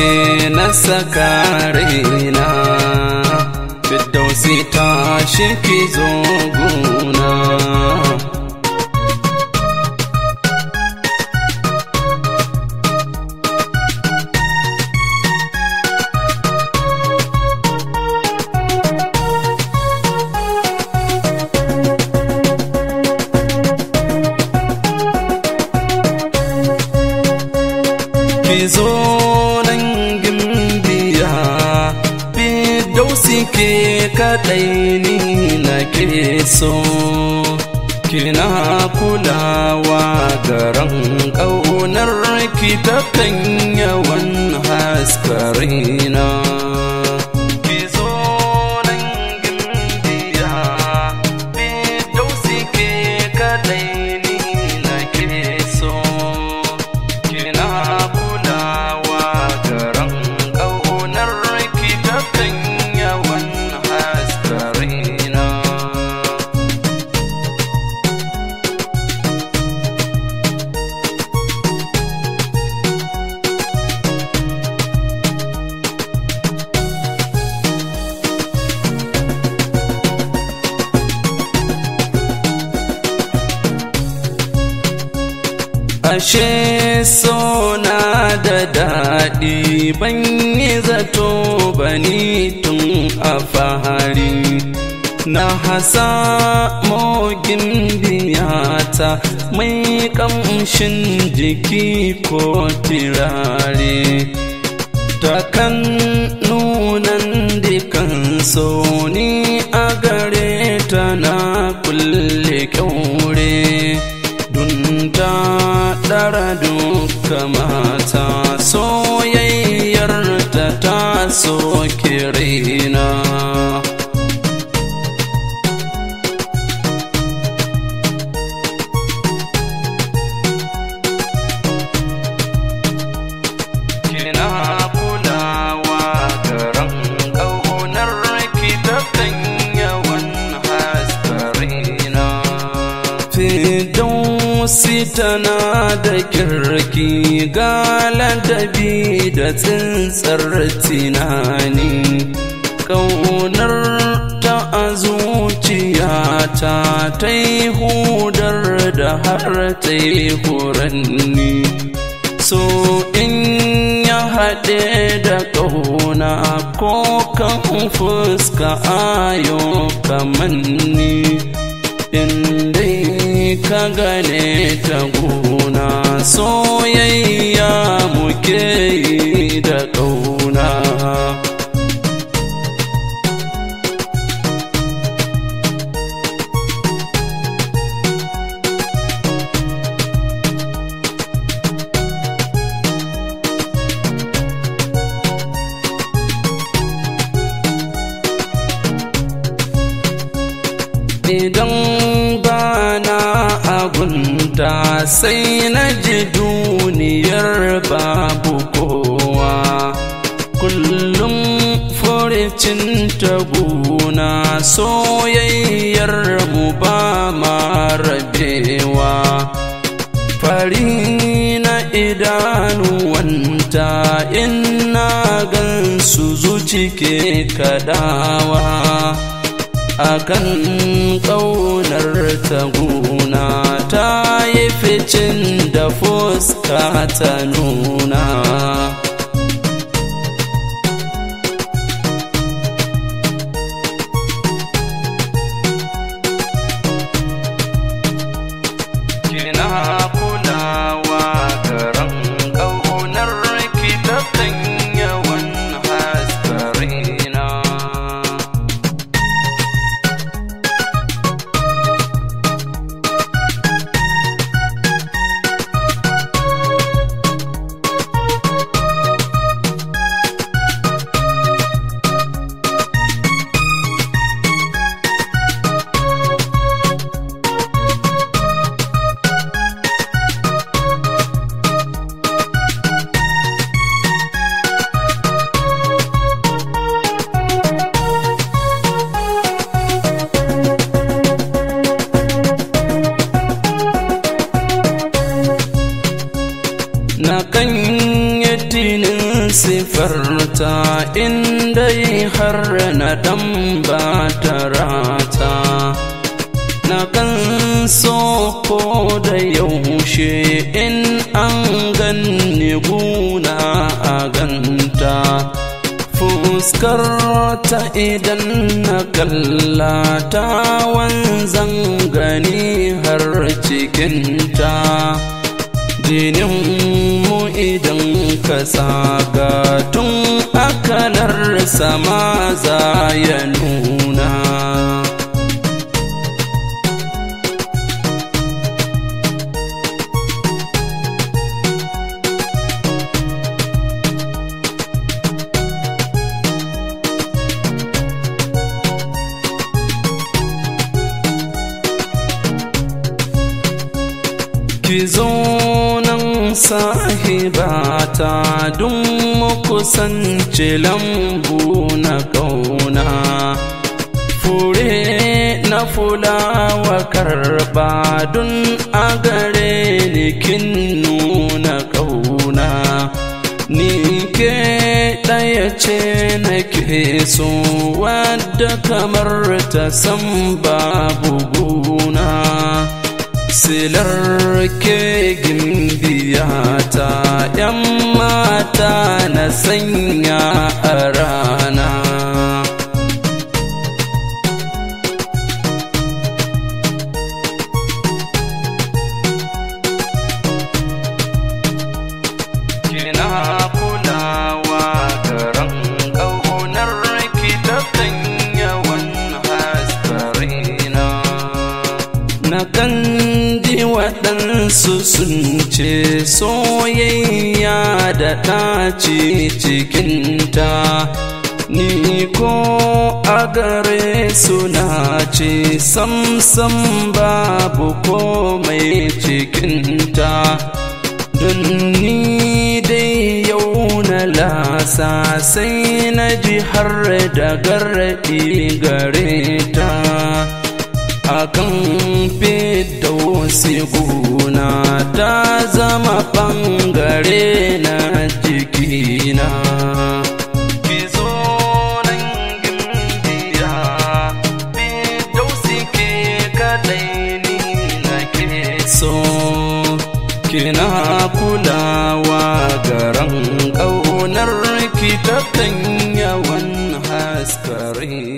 ce na sakare na Fiddausi ta shi ki zo guna zo ke kaɗai ni na ke so kina kulawa garan ƙaunar ki ta kan yawan haskarina ashe sona da daɗi ban yi zato ba ni tun a fahari na hasa mogin biyata mai kamshin jiki ko tirare kan nunan dikan so ni kama si tana da kirki ga ladabi da tsintsar tinani ƙaunar ta a zuciyata ta yi hudar da har ta yi huranni so in ya haɗe da ƙauna ko kan fuska ayo kamanni inda ka gane ta guna soyayya muke da ɗau idan ba na agunta sai na ji duniyar babu kowa kullum furicin taguna soyayyar mu ba ma rabewa fari na idanuwanta ina gansu zuci ke kadawa akan ƙaunar taguna ta yi ficin da fuska ta nuna sifarta indai har na dan ba rata na kan so ko da yaushe in an ganni guna a ganta fuskar ta idan na kalla ta wanzan gani har cikinta jinin idan ka tsaga tun akalar sama za ya nuna ki sahibata dun mukusance lambu na kauna fure na fulawa karba dun a gare ni kin nuna kauna ni ke ɗaya ce na ke so wadda kamar ta san babu guna silar gimbiya ta yan mata na sanya a rana na kan kansu sun ce soyayya da ta ci cikinta ni ko a gare na ce samsam babu mai cikinta don ni dai yau na lasa sai na ji har da gare ta akan fidda wasu guna ta zama bangare na jikina kina kulawa garan ƙaunar ki ta yawan haskarin